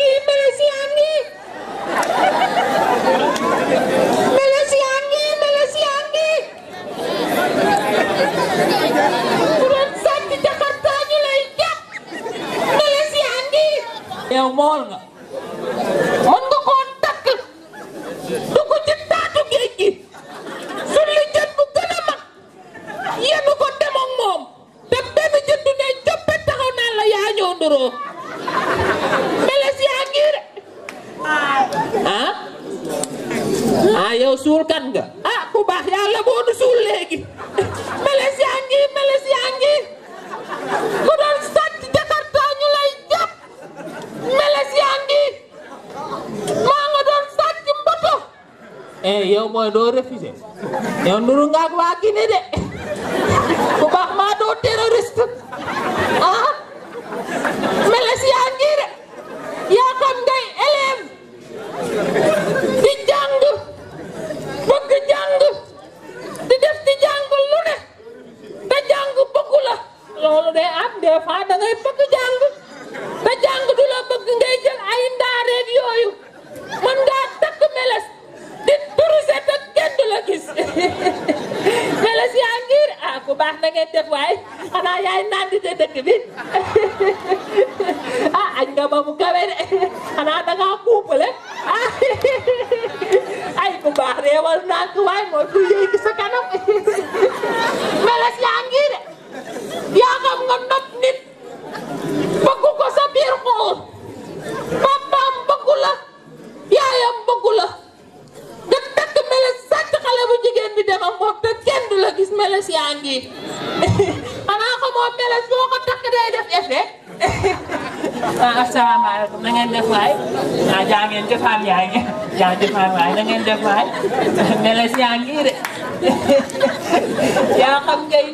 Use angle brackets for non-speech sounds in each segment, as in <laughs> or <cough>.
आनी मेलेसी आनी मेलेसी आनी मेलेसी आनी kuréel sàcc Jakarta ñu lay jàpp meles yaa ngi yow mool nga suul kat nga ah ku baax yàlla moo nu suul léegi meles yaa ngi meles yaa ngi ku doon sàcc jakarta ñu lay jàpp meles yaa ngi maa nga doon sàcc mboto eh yow mooy doo refusé yow nuru nga ak waa Guinée de def waay ah jaa ngeen jëfaan yaa ngi jaa jëfaan waay na ngeen def waay <laughs> meles yaa ngi de <laughs> yaa xam ngay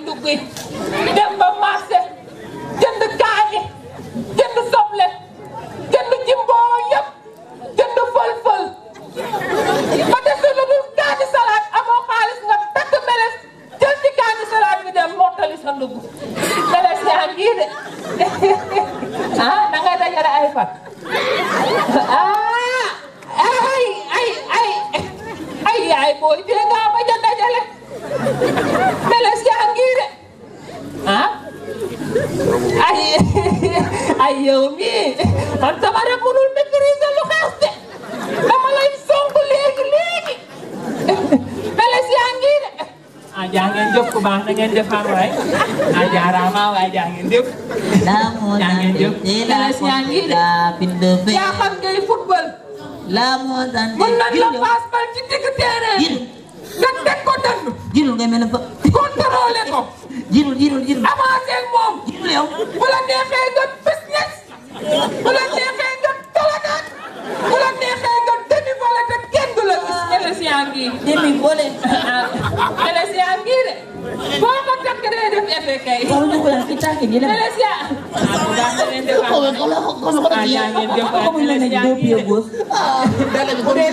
man sama rab mënul maîtriser lu xees de dama lay song léegi léegi beles yaa ngi de a jaa ngeen jëf ku baax na ngeen jëfaan waay a jaaraama waay jaa ngeen jëf jaa ngeen jëf beles yaa ngi de yaa xam ngay football mën nañ la passe bal ci e digg terrain nga teg ko dënnu jirul ngay mel fa contrôlé ko jirul jirul jirul avancé moom jirul yow bu la neexee nga bu la neexee nga tolonaat bu la neexee nga demi volé te kenn du la gis. kële si yaa ngi. demi volé. kële si yaa ngi de. boo ko takk day def effet kay. waaw ñu ko la ci tànk ji la. kële si yaa.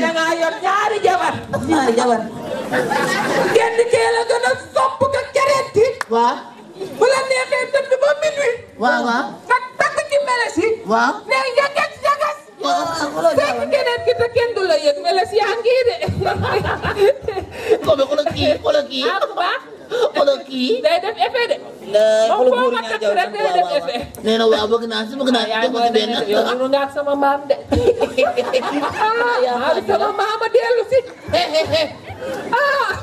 da nga yor ñaari jabar. ñaari jabar. kenn kee la gën a sopp ka kereet. waaw. bu la neexee tëdd ba minuit. waaw waaw. melesi waaw ne njagas njagas fekk keneen ki te kenn du la yëg melesi yaa ngi de comme xoolal kii xoolal kii ah bu baax xoolal kii day def effet de xoolal góor ñaa jaw rek day def effet nee na waaw bëgg naa si bëgg naa si bëgg benn yow nga ak sama maam de maa <laughs> sama maama dellu si ah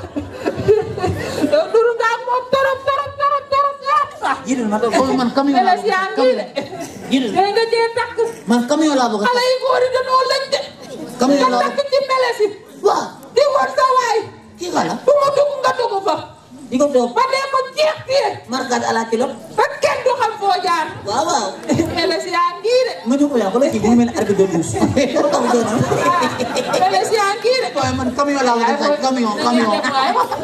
yow nuru nga moom torop torop torop torop torop sax jidul ma ko man kam yu gis nga nga cee takk. man camion laa bëgg a takk xale yu góor yi dañoo lañ de. camion laa bëgg takk ci mele si. waaw di war sa waay. kii wala bu ma dugg nga dugg fa. di ko doon ba dee ko jeex fii. markat à la kilo. ba kenn du xam foo jaar. waaw waaw. <laughs> mele si yaa ngii de. ma jóg yaa ko la kii bu mu mel ne arbi doon douce. mele si yaa ngii de. waaye man camion laa bëgg a takk camion camion.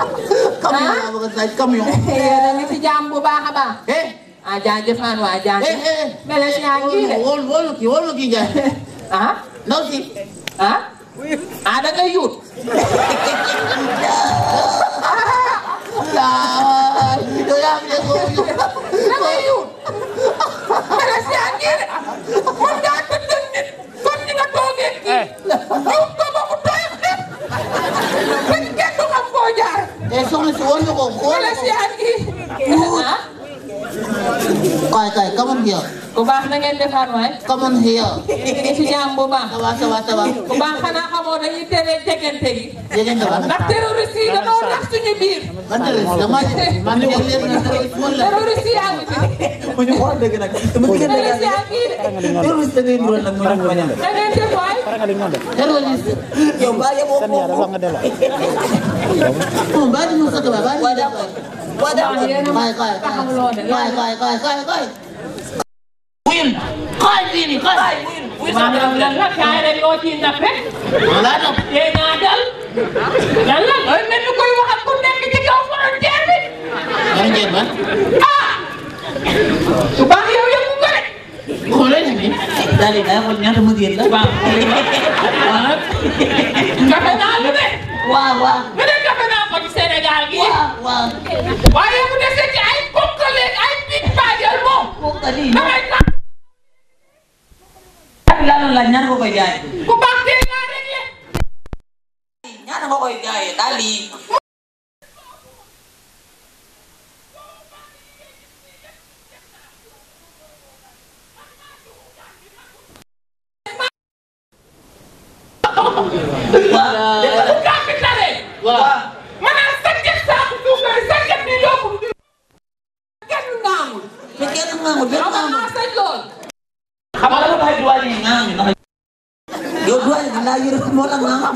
<laughs> camion laa bëgg a takk camion. <laughs> yéen a ngi ci jàmm bu baax a baax. Eh, a jaajëfaan waa eh, jaajëf. Eh, eh. mele si yaa ngi de wóolu wóolu kii wóolu kii nga <laughs> ah ndaw si ah ah da ngay yuut ah yow yaa ngi nekk foofu yuut da ngay yuut mele si yaa ngi de man daa tëddal nit kon ni nga toogee kii yuut ko ba mu tooy xet bañ kenn du xam koo jaar. soxna si war nga ko xool mele si yaa ngi yuut Why guy, come on here. Bu baax na ngeen defar waay. Come on here. Ngi ci jàmm bu baax. Tawa tawa tawa. Bu baax xanaa xamoo dañuy tere tegante yi. Ndax terroriste yi dañoo nax suñu biir. Man dama man ñu leen na terroriste yaa ngi ci. Mu ñu wax dëgg nag. Terroriste yaa ngi. Terroriste ngeen doon nag mo ñu bañal. Da ngeen def waay. nga dañ doon def. terroriste. yow mbaa yemoo foofu seen dafa nga delloo. bon mbaa di ñu sa tubaab mbaa di ñu. waa d'accord waaye waaye waaye waaye waaye waaye waaye. win. koy wini koy. maanaam lan la kaare yoo ci nappe. voilà donc. tey naa dal. lan la looy mel ni koy wax ak ku nekk ci kaw frontière bi. frontière man. ah. su baax yow. xoolal ñu ne. daal di daal xool ñaata mën yéen la. waaw kafe naa lu ne. waaw ne kafe naa ko ay ponkale ay big moom. ponkale yi damay tànn. ak lan la ñaata ko koy jaayee. ku baax tey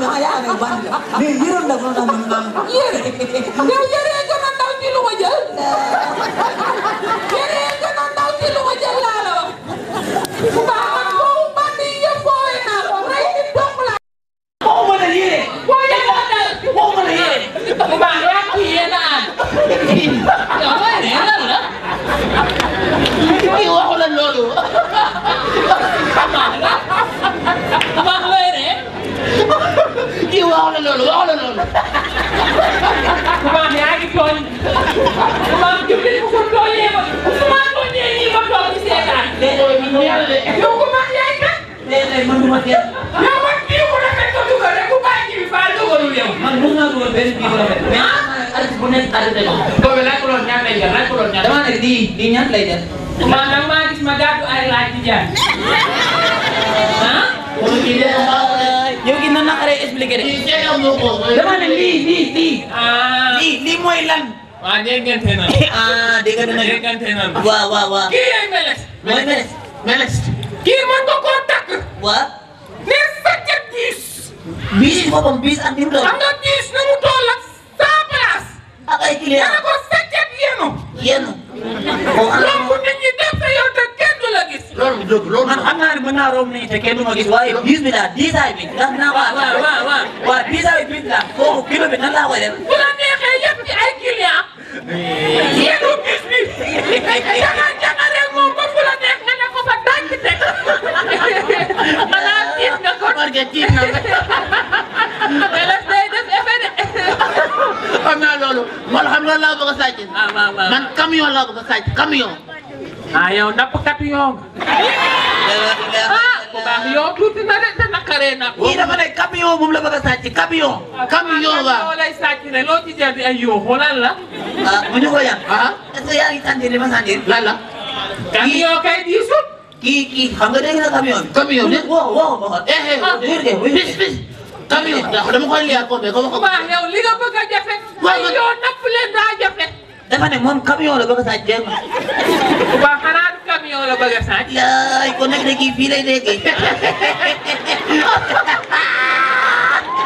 mais xanaa yaa ngi lay bandi la mais yéeral la ko naan yéeral yow yéeral wax la loolu wax la loolu. Ousmane yaa ngi tooñ Ousmane jublu ko tooñee ba Ousmane boo ñëwee ñii ba toog ci seetaan. léeg-léeg man yàlla de. yow Ousmane yaay kan. léeg-léeg man duma kenn. yow man bii mu rafet ko dugal rek ku bàyyi ji bi baal dugalul yow. man mën naa dugal benn bii bu rafet. mais ah? arrêté bu nekk arrêté ko. boobu laaj ko doon ñaar lay jar laaj ko doon ñaar. damaa ne lii lii ñaar lay jar. Ousmane nag maa gis ma gàddu ay laaj di jaar. ah. ah? yow gi na naqaree expliqué de. dama ne lii lii lii. Ah. mooy lan. waaw déggante na. ah déggante na <laughs> ah, déggante na. waaw waaw waaw. kii yee meles. meles meles. kii mën nga koo ne sa njëkk biis. biis biis ak ni mu doon. xam ak ay clients nga ne ko sa njëkk yenu. yenu. bon alors loolu nit ñi def na yow la gis. loolu mën naa romb nii te kenn du ma gis waaye bis bi daal diisaay bi ndax dinaa ko. waaw waaw waaw waaw diisaay bi daal foofu kilo bi nan laa koy def. bu la neexee yëpp ci ay client. yéenu bis bi. janga janga rek moom ba fu la neex nga ne ko fa tànk teg. balaa tiit nga ko. barke tiit na nga. mais la day def effet de. xam naa loolu. man xam loolu laa bëgg a sàcc. Ah, man camion laa bëgg a sàcc camion. ah yow nappkat yoo ah bu baax yow tuuti na de te nakaree napp. lii dafa ne camion moom la bëgg a sàcc camion. camion waaw loo lay sàcc ne loo ci la. ah bu ñu ko yàq. ah est-ce que yaa ma sentir. nga dégg a jafe. waaw napp leen daa jafe. dafa ne moom camion la bëgg a sàcc jéem. waaw xanaa camion la bëgg a sàcc. yaay kon nag léegi fii lay déggee.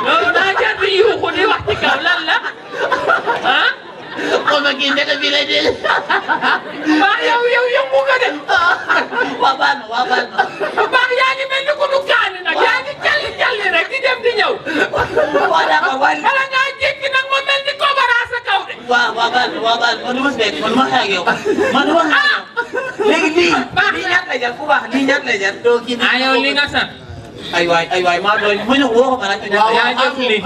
loolu daa jar di yuuxu di wax kaw lan la ah. yow yow yëngu nga de. waaw baax na waaw baax na. baax yaa ngi mel ni ku nu kaani rek di dem di ñëw. waaw baal bi waaw baal bi man du ma si nekk man du ma xeex ak yow man du ma xeex ak yow léegi lii lii ñaata lay jar ku baax lii ñaata lay jar doo kii ah yow li nga sant ay waay ay waay maa doon ma ñëw woo ko ma nag. waaw waaw jëf lii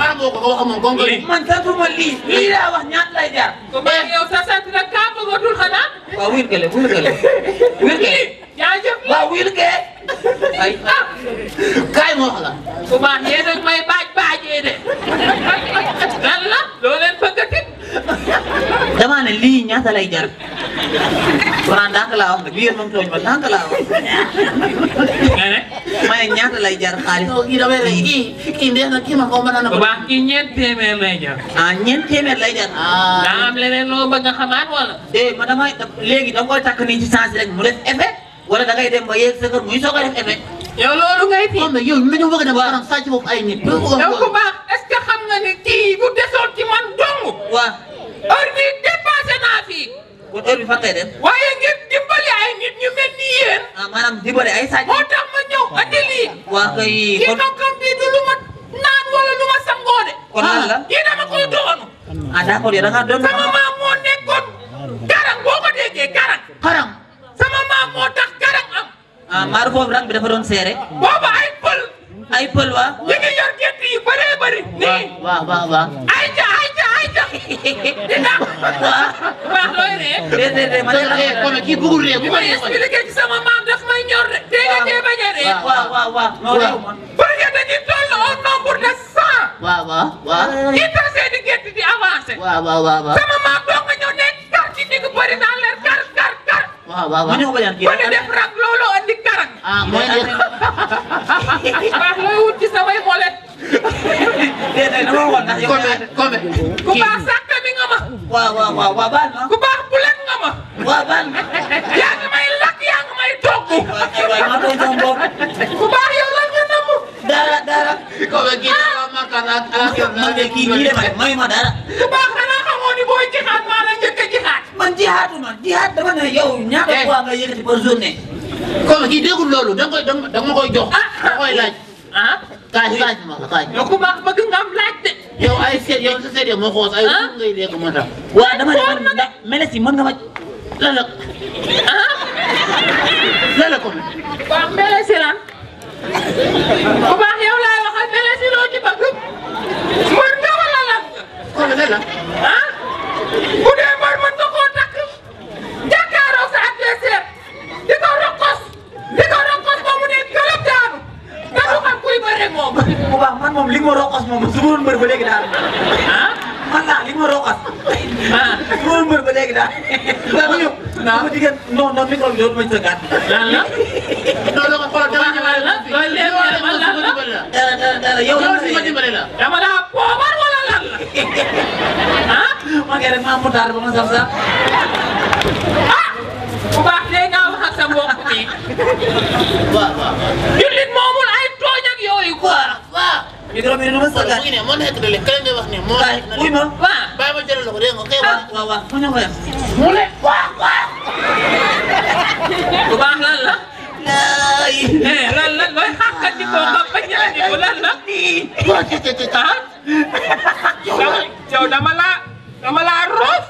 lii man santuma lii lii laa wax ñaata lay jar. ko ba yow sa sant nag kaa bëggatul xanaa. waaw wiir gële wiir gële. <laughs> wiir gële. yaa jëf lii waaw wiir gële. ay ah. kaay ma wax la. ku baax yéen a may baaj baajee de. damaa ne lii ñaata lay jar pourtant ndànk laa wax de bii yéen moom tooñ ma ndànk laa wax nga ne ma ne ñaata lay jar xaalis ko kii damay lay kii kii ndeex na kii ma ko a na ko baax kii ñeent téeméer lay jar ah ñeent téeméer lay jar ah. daa am leneen loo bëgg a xamaat wala dee eh, ma damay léegi da koy takk nii ci sens rek mu def effet wala da ngay dem ba yegg sa kër muy soog a def effet yow loolu ngay fi mais yow ñu bëgg ne borom sàcc boobu ay nit yow ku baax est-ce que xam nga ne kii bu desoon ci man dong waaw commencé naa fii. kon heure bi fan ngay dem. ngir dimbali ay nit ñu mel ni ah, ay sañ. moo tax ma ñëw andi lii. waa kay kon kii ndokkam du lu naan wala lu ma sangoo kii dama ah, koy doonu. ah d'accord yow ko déggee garang. Ah, doon seere. booba ay pël. ay pël wa. ñu ngi yor gerte yu bëree bëri. nii waaw waaw waaw. waaw looy ree. déedéet ma ne la ree kon kii bëggul ree bu ma expliqué ci sama maam daf may ñor de. waaw dégg nga cee bañ a ree. waaw waaw waaw non réew ma. parce que dañuy toll au nombre de cent. waaw waaw waaw. ñi tase di gétt di avancé. waaw waaw waaw. sama maam doo nga ñëw nekk kar ci digg bëri naa leer kar kar kar. waaw waaw waaw. mu ñëw ko yan kii rek. def rag loolu andi karak. ah mooy comme ku baax sàppe bi nga ma. waaw waaw waaw waaw baal ma. ku baax bulet nga ma. waaw baal ma. yaa ngi may lakk yaa ngi may togg. waaw ma doon sama bopp. ku baax yow lan kii da nga ma kan may ma dara. ku baax xanaa xamoo ni booy jixaat maa la njëkk a jixaat. ma jihaat dama ne yow ñaata eh. fois nga yëkkati par journée. comme kii déggul loolu da nga koy da koy jox. Ah. koy laaj. ah kaaj ku baax bëgg nga am laaj. yow ay seet yow sa seet yow moo ko woon ay wut ah? ngay dégg moo tax. waaw dama ne man ndax meles yi mën nga ma lan la ah lan la kon. waaw meles yi lan bu baax yow laay waxal meles yi loo ci bëgg mën nga wala lan. kon lan la ah bu dee mën mën baax man moom li nga ma roqos moom su ma doon mbër ba léegi daal ah man daal li nga ma roqos ah su ma doon mbër ba léegi daal ma ñëw ma diggéen non non micro bi doon mañ sa gàtt lan la non non xoolal dama ñëwaat la loolu léegi man lan la euh, euh, euh, yow ma dimbale la dama daa poobar wala lan la <laughs> ah ma ngi rek maa mutaar ba ma saf sax ah bu baax léegi nga wax ak sa mbokk bi jullit moomul ay tooñ ak yooyu quoi waaw micro bi dina ma sàggaat mu ngi ne moo nekk de léegi keneen ngay wax ne moo nekk na léegi waaw bàyyi ma jëlal ko dégg nga kay wax ah. waaw waaw mu ne ko mu ne waaw waaw bu baax lan la eh, lan lan mooy xàqal di ko nga bañ a di ko lan la ah yow dama la dama la roof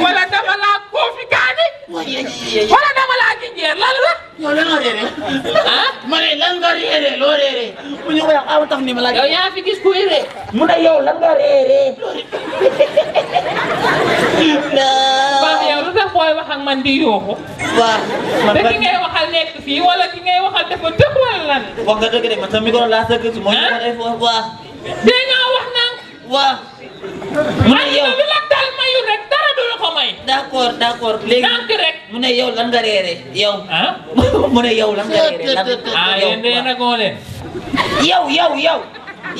wala dama laa koofi kaani. wala dama laa ginjeer lan la. yow lan nga réeré. ah ma ne lan nga réeré loo réeré. mu ñu ko wax aw ah, tax ni ma laaj. yow yaa fi gis ku réeré. mu ne yow lan nga réeré. <laughs> baax yow lu tax booy wax ak man di yooxu. waaw man ki ngay waxal nekk fii wala ki ngay waxal dafa dëkk wala lan. wax nga dëgg de man sa micro laa sëkk su ma. ah dégg nga wax nang. waaw. mu ne yow bi la dal mayu rek dara du la ko may. d'accord d'accord léegi nànk rek. mu ne yow lan nga reere yow. ah <laughs> mu ne yow lan nga reere lan. ah yéen de nagoo leen. yow yow yow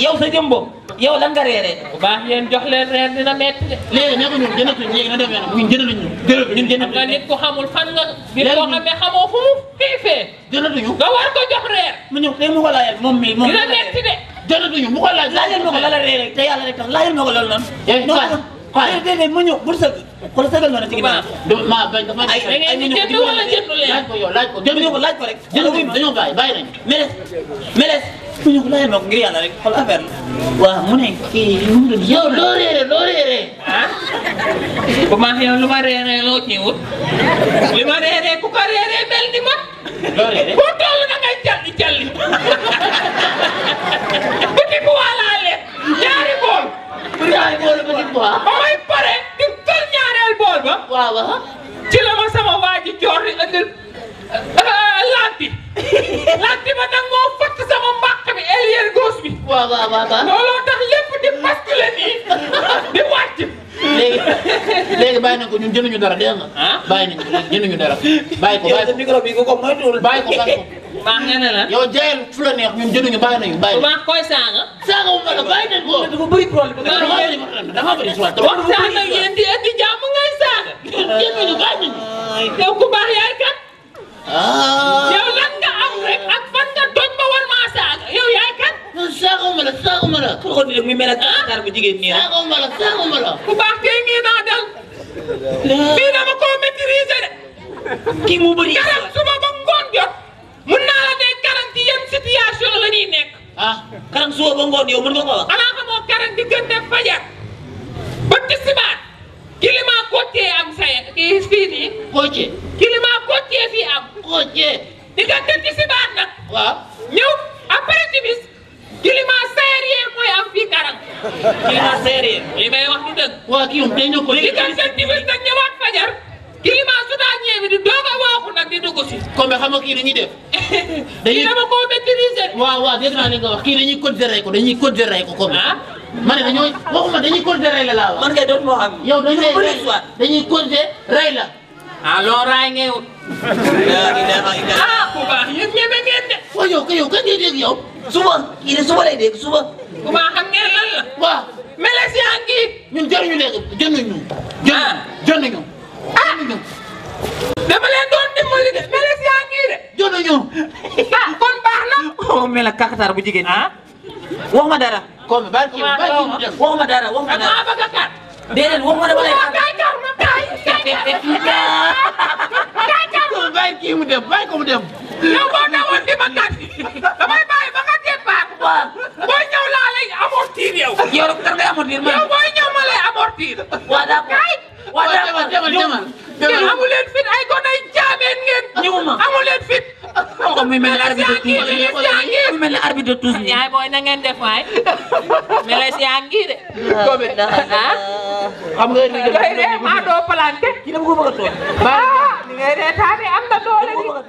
yow sa jëmbo yow lan nga reere. bu baax yéen jox leen reer dina métti de. léegi ne ko ñun jëndatuñ léegi na demee nag ñun jëndatuñu. jëndatuñu jëndatuñu nga nit ku xamul fan nga. léegi nit koo xamee xamoo fu mu kii fee. jëndatuñu nga war ko jox reer. mu ñëw tey mu walaayal moom mi moom dina métti de. jërëjëf bu ko laaj laajal ma ko lala ree rek te yàlla rek tax laajal ma ko loolu noonu. Eh, waaye déedéet ma ñëw bul sëgg xool sëgal noonu ci ginnaaw. ma bañ dafa ay ay ñu jënd wala jëndu leen laaj ko yow laaj ko jëndu ko laaj ko rek. jëndu dañoo bàyyi bàyyi nañu. meles meles fu ñu ko laajal ma ko ngir yàlla rek xool affaire la. waaw mu ne kii mu doon yow loo réeré loo réeré ah. commencé yow lu ma réeré loo ci wut. li ma réeré ku ko réeré mel ni ma. loo réeré ñun jënduñu dara dégg nga. ah bàyyi nañu ko jënduñu dara bàyyi ko bàyyi ko micro bi ko moytuwul bàyyi ko bàyyi ko. baax nga ne la yow jaayal fu la neex ñun jënduñu bàyyi nañu bàyyi. bu baax koy saaga. saaga wu ma la bàyyi nañ ko. dafa bëri problème dafa bëri problème dafa bëri problème. waxtaan ak yéen di indi jàmm ngay saaga. jënduñu bàyyi nañu. yow ku baax yaay kat. Ah. yow lan nga am rek ak fan nga toj ba war maa saaga yow yaay kat. saaga wu ma la saaga wu ma la. kooku di mu mel ak dara ah. bu jigéen ñi. saaga wu ma la saaga wu ma la. ku baax kay ngeen naa dal. fii dama koo maîtriser de. kii mu bëri garal suba ba ngoon jot. mun naa la dee garanti yan situation la ñuy nekk. ah karam suba ba ngoon yow mën nga ko wax. xanaa xamoo karam diggante fajar ba tisbaar climat côté am say kii fii nii. côté climat côté fii am. côté diggante tisbaar nag. waaw ñëw après timis climat sérieux mooy am fii karam climat sérieux waa kii moom day ñëw ko. li gën seen timis nag ñëwaat fajar. climat su daa ñëwee di doog a waaxu nag di dugg si. comme xam nga kii dañuy def. <laughs> kii dama koo maîtriser. waaw waaw dégg kii dañuy ko dañuy considéré ko comme. ah ma ne dañoo waxuma dañuy considéré la laa wax. man kay doon moo xam. yow dañuy dañuy considéré la. ah loo raay ngay wut. ah bu baax yéen ñeme ngeen de. waaw suba kii de suba lay dégg suba. bu baax xam ngeen lan meles yaa ngi ñun jëriñu leen jënduñu. ah jënduñu ah dama leen doon dimbali de meles yaa ngi de. jënduñu ah kon baax na. oh mel na kakatar bu jigéen ah wax ma dara. comme ma dara wax ma dara. maa bëgg ma dama lay kat. kaay dem bàyyi ko dem. amortir man yow booy ñëw ma lay amortir. waaw d'accord waaw d'accord demal demal demal amu leen fit ay gone ay jaameen ngeen. ñëwuma amu leen fit. comme mu mel ne arbitre de tous mu mel ne arbitre de tous yaay booy na ngeen def waay meles yaa ngi de. ah xam nga ni nga eh, maa doo planté. ki dama ko a ah ni ngay reetaane am na